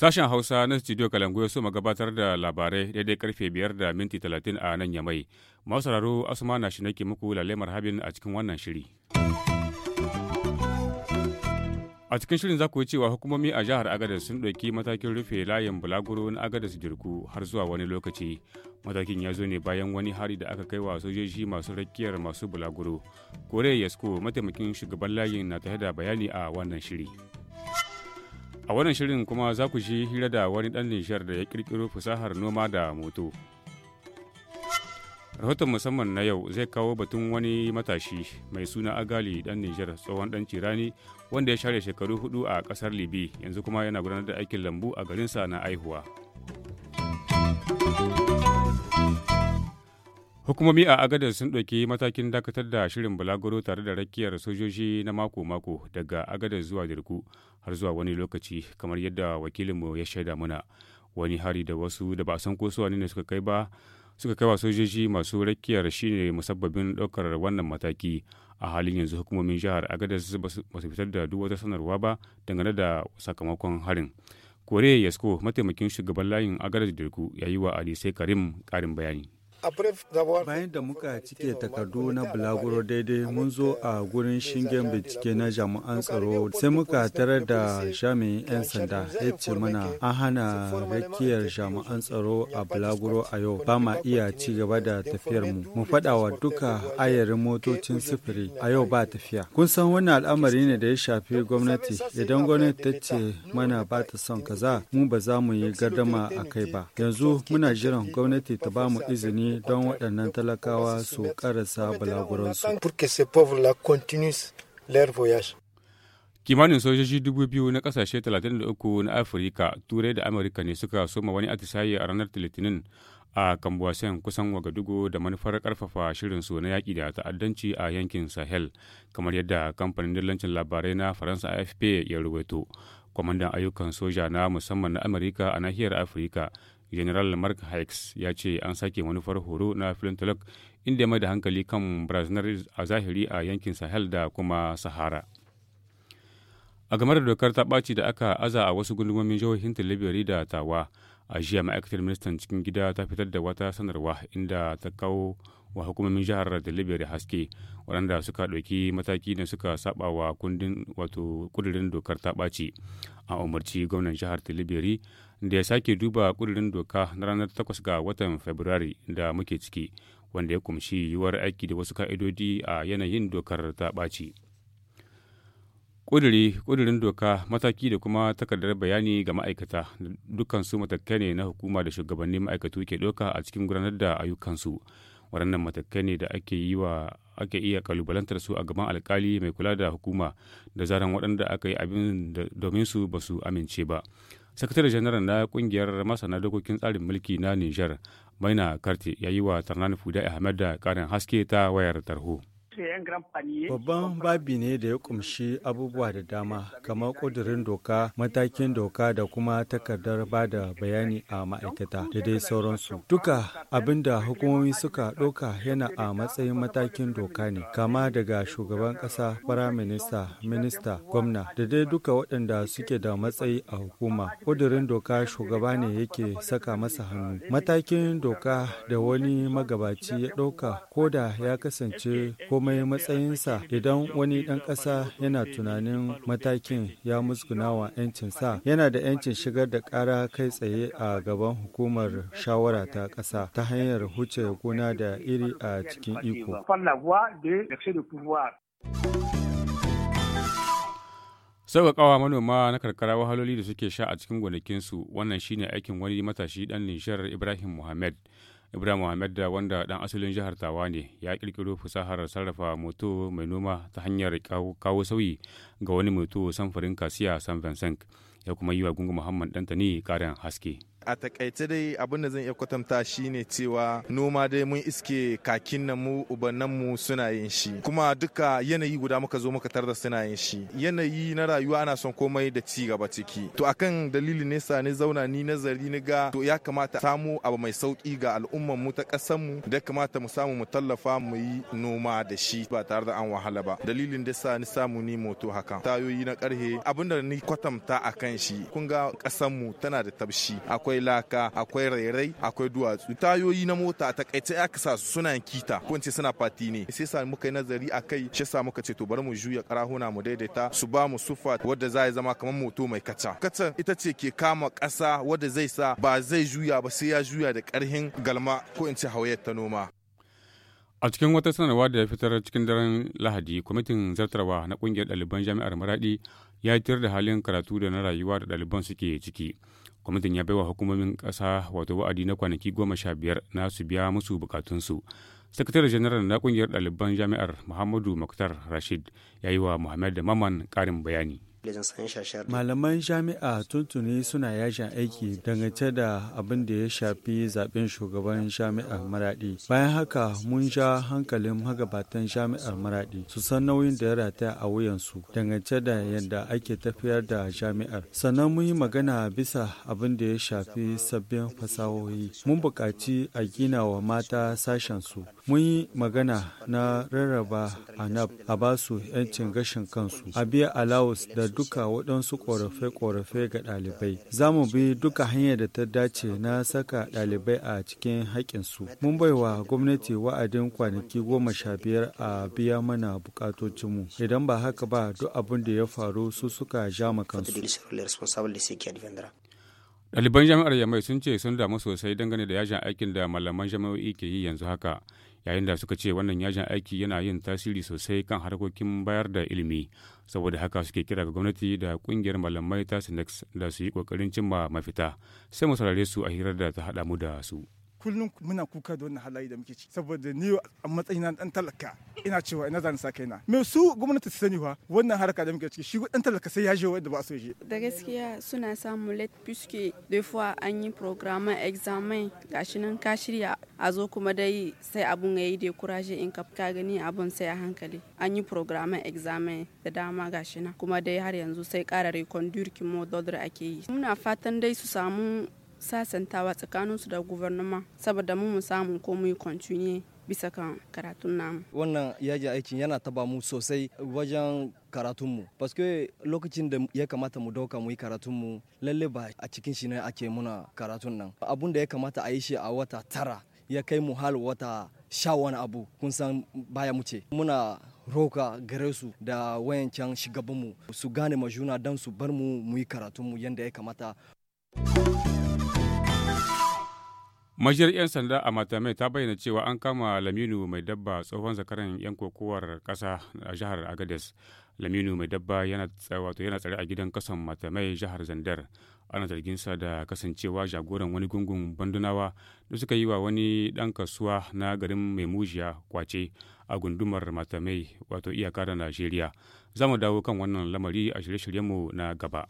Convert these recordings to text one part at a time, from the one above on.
Sashen Hausa na studio Kalangu ya so gabatar da labarai daidai karfe biyar da minti talatin a nan yamai. Masu sauraro Asuma na shi nake muku lalemar habin a cikin wannan shiri. A cikin shirin za ku yi cewa hukumomi a jihar Agadez sun ɗauki matakin rufe layin bulaguro na Agadez jirku har zuwa wani lokaci. Matakin ya zo ne bayan wani hari da aka kai wa sojoji masu rakiyar masu bulaguro. Kore Yasko mataimakin shugaban layin na tare da bayani a wannan shiri. A wannan shirin kuma za ku shi hira da wani ɗan nishar da ya ƙirƙiro fasahar noma da moto. rahoton musamman na yau zai kawo batun wani matashi mai suna agali dan nijar tsohon dan cirani wanda ya share shekaru hudu a kasar libi yanzu kuma yana gudanar da aikin lambu a garinsa na aihuwa hukumomi a agadar sun ɗauki matakin dakatar da shirin bulagoro tare da rakiyar sojoji na mako-mako daga agadar zuwa dirku har zuwa wani lokaci kamar yadda wakilinmu ya shaida muna wani hari da wasu da ba san ko ne suka kai ba suka kai wa sojoji masu rakiyar shine musabbabin ɗaukar wannan mataki a halin yanzu hukumomin jihar agadez ba su fitar da duk wata sanarwa ba dangane da sakamakon harin kore yasko mataimakin shugaban layin agadez dirku ya yi wa sai karim karin bayani Bayan da muka cike takardu na bulaguro daidai mun zo a gurin shingen bincike na jami'an tsaro sai muka tarar da jami'in 'yan sanda ya ce mana an hana rakiyar jami'an tsaro a bulaguro a yau ba ma iya ci gaba da tafiyar mu. Mu faɗa wa duka ayarin motocin sufuri. a yau ba tafiya. Kun san wannan al'amari ne da ya shafi gwamnati idan gwamnati ta ce mana ba ta son kaza mu ba za mu yi gardama a kai ba. Yanzu muna jiran gwamnati ta ba mu izini don waɗannan talakawa su ƙarasa balaguransu. kimanin sojoji dubu biyu na kasashe 33 na afirka turai da amurka ne suka soma wani atisaye a ranar litinin a kambuwasen kusan wagadugu da manufar karfafa su na yaƙi da ta'addanci a yankin sahel kamar yadda kamfanin dillancin labarai na faransa afp ya rubuto kwamandan ayyukan soja na musamman na amurka a nahiyar afirka general mark hikes ya ce an sake manufar horo na flintlock inda inda mai da hankali kan brazil a zahiri a yankin sahel da kuma sahara a game da dokar ta ɓaci da aka aza a wasu gundumomin jihohin talibiri da tawa a jiya ma'aikatar ministan cikin gida ta fitar da wata sanarwa inda ta kawo wa hukumomin jihar Delivery haske waɗanda suka ɗauki mataki da suka saba wa kundin wato kudirin dokar ta ɓaci a umarci gwamnan jihar Delivery da ya sake duba kudirin doka na ranar 8 ga watan february da muke ciki wanda ya kumshi yiwuwar aiki da wasu ka'idodi a yanayin dokar ta ɓaci. ƙuduri ƙudurin doka mataki da kuma takardar bayani ga ma'aikata dukkan su matakai ne na hukuma da shugabannin ma'aikatu ke ɗauka a cikin gudanar da ayyukansu waɗannan matakai ne da ake yi wa ake iya kalubalantar su a gaban alkali mai kula da hukuma da zaran waɗanda aka yi abin domin su ba su amince ba sakatare janaral na kungiyar masana dokokin tsarin mulki na niger maina karti ya yi wa tarnani fuda ahmed da karin haske ta wayar tarho Babban babi ne da ya kumshi abubuwa da dama kamar ƙudurin doka, matakin doka da kuma takardar ba da bayani a ma'aikata da dai sauransu. Duka abin da hukumomi suka ɗauka yana a matsayin matakin doka ne, kama daga shugaban ƙasa, firaminista, minista, gwamna da dai duka waɗanda suke da matsayi a hukuma. kudurin doka shugaba ne yake saka masa hannu. Matakin doka da wani magabaci ya ɗauka ko da ya kasance komai komai matsayinsa idan wani ɗan ƙasa yana tunanin matakin ya musguna wa 'yancinsa yana da 'yancin shigar da kara kai tsaye a gaban hukumar shawara ta ƙasa ta hanyar huce gona da iri a cikin iko. sauƙaƙawa manoma na karkara wahaloli da suke sha a cikin gonakinsu wannan shine aikin wani matashi ɗan linshar ibrahim muhammad Ibrahim Ahmed da wanda ɗan asalin jihar Tawa ne ya ƙirƙiro fasahar sarrafa moto mai noma ta hanyar kawo sauyi ga wani moto samfurin kasiya San Vincent ya kuma yi wa Gungu Muhammad Dantani ƙarin haske. a takaice dai abin da zan iya kwatanta shine cewa noma dai mun iske kakin nan mu ubannan mu suna yin shi kuma duka yanayi guda muka zo muka tarda suna yin shi yanayi na rayuwa ana son komai da ci gaba ciki to akan dalilin nesa ne zauna ni nazari ni ga to ya kamata samu abu mai sauki ga al'umman mu ta kasan mu da kamata mu samu mu tallafa mu yi noma da shi ba tare da an wahala ba dalilin da sa ni samu ni moto haka tayoyi na karhe abin da ni kwatanta akan shi kun ga kasan mu tana da tabshi akwai akwai laka akwai rairai akwai duwatsu tayoyi na mota a takaice aka sa su suna kita ko ce suna fati ne sai sa muka yi nazari a kai shi sa muka ce to bari mu juya karahuna mu daidaita su ba mu sufa wadda za ya zama kamar moto mai kaca kaca ita ce ke kama ƙasa wadda zai sa ba zai juya ba sai ya juya da ƙarhin galma ko in ce hauyar ta noma a cikin wata sanarwa da ya fitar cikin daren lahadi kwamitin zartarwa na kungiyar ɗaliban jami'ar maradi ya tirar da halin karatu da na rayuwa da ɗaliban suke ciki kwamitin ya baiwa hukumomin ƙasa wato wa'adi na kwanaki goma sha biyar na su biya musu bukatunsu sakatare janaral na kungiyar ɗaliban jami'ar muhammadu maktar rashid ya yi wa muhammad maman ƙarin bayani Malaman jami'a tuntuni suna yashin aiki dangance da abin da ya shafi zaben shugaban jami'ar maradi. Bayan haka mun ja hankalin magabatan jami'ar maradi su san nauyin da ya rataya a wuyansu dangance da yadda ake tafiyar da jami'ar. Sannan mun yi magana bisa abin da ya shafi sabbin fasahohi. Mun bukaci a gina wa mata sashen su. Mun yi magana na rarraba anab a basu 'yancin gashin kansu. A biya alawus da duka waɗansu ƙorafe-ƙorafe ga ɗalibai. Za mu bi duka hanyar da ta dace na saka ɗalibai a cikin haƙƙinsu. Mun baiwa gwamnati wa'adin kwanaki goma sha biyar a biya mana bukatocinmu. Idan ba haka ba duk abin da ya faru su suka ja kansu. Ɗaliban jami'ar Yamai sun ce sun damu sosai dangane da yajin aikin da malaman jami'o'i ke yi yanzu haka. yayin da suka ce wannan yajin aiki yana yin tasiri sosai kan harkokin bayar da ilimi saboda haka suke kira ga gwamnati da kungiyar malamai ta sinex da su yi kokarin cimma mafita sai mu saurare su a hirar da ta haɗa mu da su. kullum muna kuka da wannan halaye da muke ci saboda ni a matsayina dan talaka ina cewa ina zan sa kaina me su gwamnati ta sani fa wannan harka da muke ciki shi dan talaka sai ya je wanda ba so je da gaskiya suna samu let puisque deux fois an yi programme examen gashi nan ka shirya a zo kuma dai sai abun yayi da kuraje in ka ka gani abun sai a hankali an yi programme examen da dama gashi nan kuma dai har yanzu sai kara reconduire mo dodre ake yi muna fatan dai su samu sasantawa tsakaninsu da guvernoma saboda mu samun komai ko bisa kan karatun namu. Wannan yaji aikin yana taba mu sosai wajen karatunmu. Paske lokacin da ya kamata mu dauka mu yi karatunmu lalle ba a cikin shi ne ake muna karatun nan. Abun da ya kamata a yi shi a wata tara ya kai mu hal wata sha wani abu kun san baya mu ce. Muna roka gare su da wayancan shugabanmu su gane majuna don su bar mu mu yi karatunmu yadda ya kamata. majiyar 'yan sanda a matamai ta bayyana cewa an kama laminu mai dabba tsohon zakaran 'yan kokowar kasa a jihar agades laminu mai dabba yana tsare a gidan kasan matamai jihar zandar ana zargin sa da kasancewa jagoran wani gungun bandunawa da suka yi wa wani dan kasuwa na garin mai mujiya kwace a gundumar matamai wato iyaka da najeriya za mu dawo kan wannan lamari a shirye-shiryenmu na gaba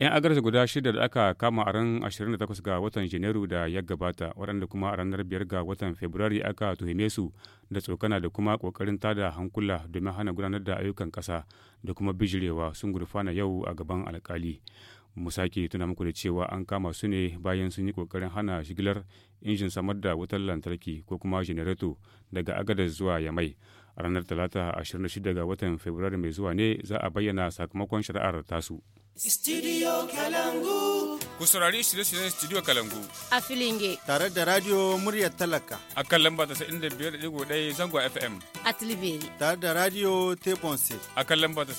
'Yan agarsa guda shida da aka kama a ran 28 ga watan Janairu da ya gabata, waɗanda kuma a ranar biyar ga watan Fabrairu aka tuhume su da tsokana da kuma ƙoƙarin tada hankula domin hana gudanar da ayyukan ƙasa da kuma bijirewa sun gurfana yau a gaban alkali. mu sake tuna muku da cewa an kama su ne bayan sun yi ƙoƙarin hana shigilar injin samar da wutar lantarki ko kuma janareto daga agadar zuwa Yamai. mai- ranar Talata 26 ga watan Fabrairu mai zuwa ne za a bayyana sakamakon shari'ar tasu. Studio Kalangu. Ku saurari shirye-shiryen Studio Kalangu. A Filinge. Tare da Radio murya Talaka. A kan lamba ta ɗaya zango FM. A Tilibiri. Tare da Radio Tebonse. A kan lamba ta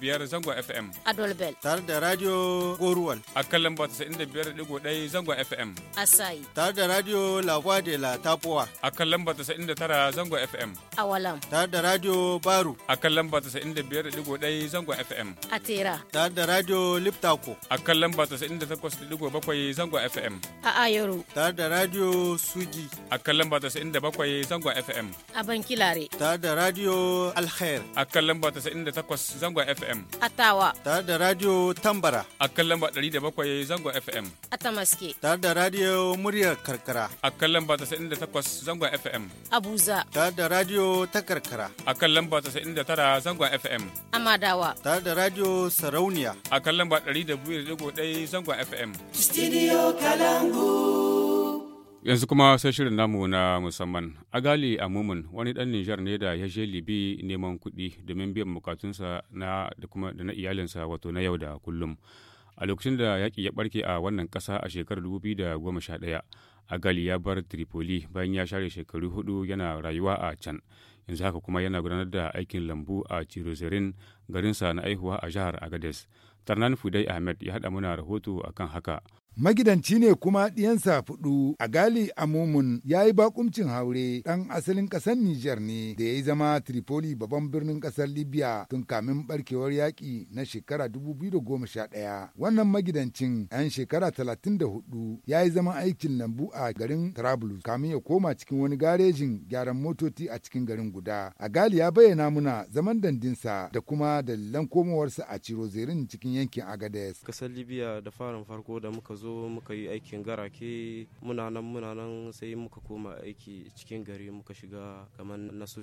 biyar zango FM. A Dolbel. Tare da Radio Goruwal. A kan lamba ta ɗaya zango FM. A Sai. Tare da Radio Lagwa de la Tapuwa. A kan lamba ta tara zango FM. A Walam. Tare da Radio Baru. A kan lamba ta ɗaya zango FM. A Tera. Tare da Radio Liptako. A kan lamba ta 98.7 zangon FM. A Ayoro. Tare da Radio Suji. A kan lamba 97.7 zangon FM. A Bankilare. Tare da Radio Alkhair. A kan lamba 98 zangon FM. A Tawa. Tare da Radio Tambara. A kan lamba 107 zangon FM. A Tamaske. Tare da Radio Muryar Karkara. A kan lamba 98 zangon FM. A Buza. Tare da Radio ta Karkara. A kan lamba 99 zangon FM. A Madawa. Tare da Radio Sarauniya. A kan lamba 102.1 zangon FM. Studio Kalangu. Yanzu kuma sai shirin namu na musamman. Agali mumun wani ɗan Nijar ne da ya je Libi neman kuɗi domin biyan bukatunsa na da kuma da na iyalinsa wato na yau da kullum. A lokacin da yaƙi ya ɓarke a wannan ƙasa a shekarar 2011 gali ya bar tripoli bayan ya share shekaru hudu yana rayuwa a can yanzu haka kuma yana gudanar da aikin lambu a cirozerin garinsa na aihuwa a jihar agades tarnan fudai ahmed ya haɗa muna rahoto akan haka magidanci ne kuma ɗiyansa fudu a gali amumun ya yi bakuncin haure ɗan asalin ƙasar Nijar ne da ya yi zama Tripoli babban birnin ƙasar Libya tun kamin barkewar yaƙi na shekara 2011. Wannan magidancin 'yan shekara 34 ya yi zaman aikin lambu a garin Trablus kamin ya koma cikin wani garejin gyaran motoci a cikin garin guda. A gali ya bayyana muna zaman dandinsa da kuma dalilan komowarsa a cirozerin cikin yankin Agades. Ƙasar Libya da farin farko da muka zo zo muka yi aikin garake muna nan muna nan sai muka koma aiki cikin gari muka shiga kamar na su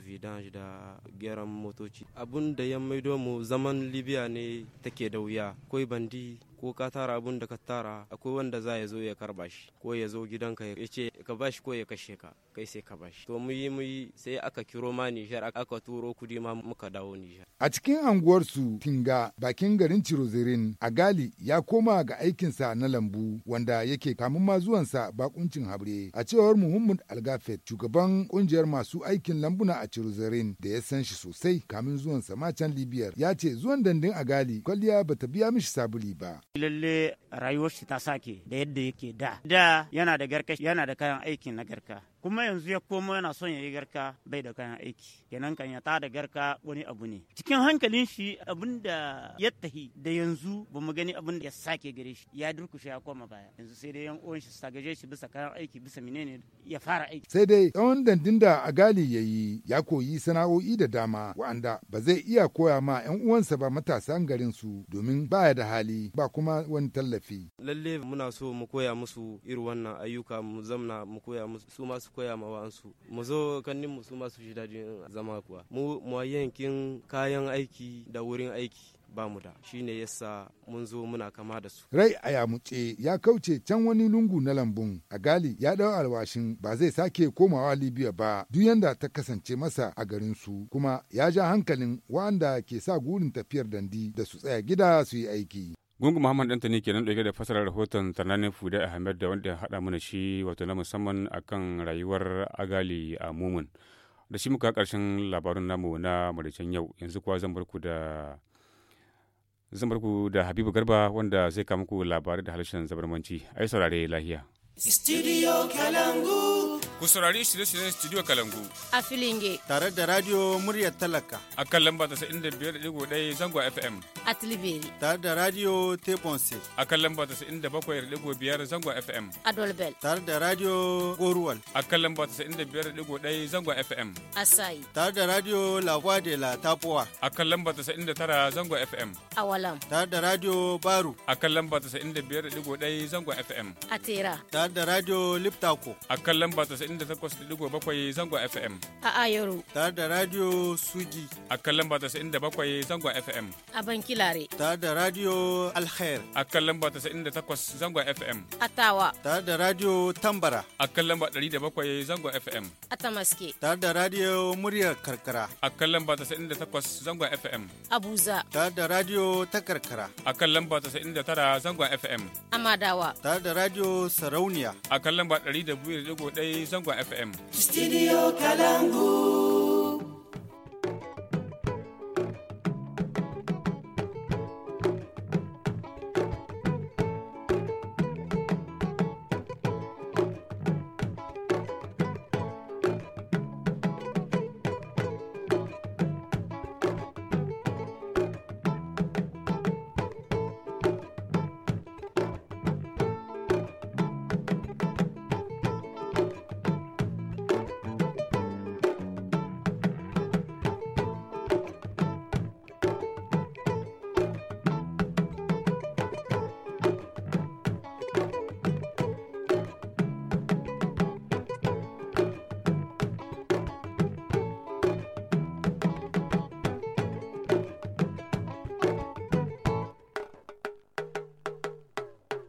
da gyaran motoci abun da ya maido mu zaman libya ne take da wuya akwai bandi ko ka tara abun da ka tara akwai wanda za ya zo ya karba shi ko ya zo gidanka ya ce ka bashi ko ya kashe ka kai sai ka bashi to muyi muyi sai aka kiro ma Nijar aka turo kudi ma muka dawo Nijar a cikin anguwar su Tinga bakin garin a Agali ya koma ga aikinsa na lambu wanda yake kamun ma zuwansa bakuncin habre a cewar Muhammad Algafet shugaban kungiyar masu aikin lambuna a Cirozirin da ya san shi sosai kamin zuwan ma can Libiyar ya ce zuwan dandin Agali kwalliya bata biya mishi sabuli ba lalle rayuwar shi ta sake da yadda yake da da yana da garka yana da kayan aikin na garka kuma yanzu ya komo yana son ya yi garka bai da kayan aiki kenan kan ya ta da garka wani abu ne cikin hankalin shi abin da ya tahi da yanzu ba mu gani abin da ya sake gare shi ya durkushe ya koma baya yanzu sai dai yan uwan shi gaje shi bisa kayan aiki bisa menene ya fara aiki sai dai tsawon dandin da agali ya yi ya koyi sana'o'i da dama wa'anda ba zai iya koya ma yan uwansa ba matasan garin su domin baya da hali ba kuma wani tallafi lalle muna so mu koya musu irin wannan ayyuka mu zamna mu koya musu su koya ma wa'ansu mu zo kannin mu su masu shi dadin zama kuwa mu muwayyankin kayan aiki da wurin aiki ba mu da shi ne yasa mun zo muna kama da su. Rai a yamuce ya kauce can wani lungu na lambun a gali ya dau alwashin ba zai sake komawa Libya ba duk yanda ta kasance masa a garin su kuma ya ja hankalin wanda ke sa gurin tafiyar dandi da su tsaya gida su yi aiki. gungu Muhammad Dantani ke nan ɗauke da fasarar rahoton Tanani Fude Ahmed da wanda haɗa mana shi wato na musamman akan rayuwar agali a mumun. Da shi muka ƙarshen labarin namu na maraicen yau yanzu kuwa zan barku da zan barku da Habibu Garba wanda zai kama ku labarai da harshen zabarmanci. Ai saurare lahiya. Studio Kalangu. Ku saurari shirye-shiryen Studio Kalangu. A Filinge. Tare da Radio Muryar Talaka. A kan lamba ɗaya zango FM. A Tilibiri. Tare da Radio Tebonse. A kan lamba biyar zango FM. A Dolbel. Tare da Radio Goruwal. A kan lamba ɗaya zango FM. A Sai. Tare da Radio Lagwa de la Tapuwa. A kan lamba tara zango FM. A Walam. Tare da Radio Baru. A kan lamba ɗaya zango FM. A Tera. Tare da Radio Liptako. A kan lamba 98.7 zangon FM. A Ayoro. Tare da Radio Sugi. A kan lamba bakwai zangon FM. A Bankilare. Tare da Radio Alkhair. A kan lamba takwas zangon FM. A Tawa. Tare da Radio Tambara. A kan lamba bakwai zangon FM. A Tamaske. Tare da Radio Muryar Karkara. A kan lamba takwas zangon FM. A Buza. Tare da Radio ta Karkara. A kan lamba tara zangon FM. A Madawa. Tare da Radio Sarauniya. A kan lamba 102.1 zangon Kalangwa FM. Studio Kalangu.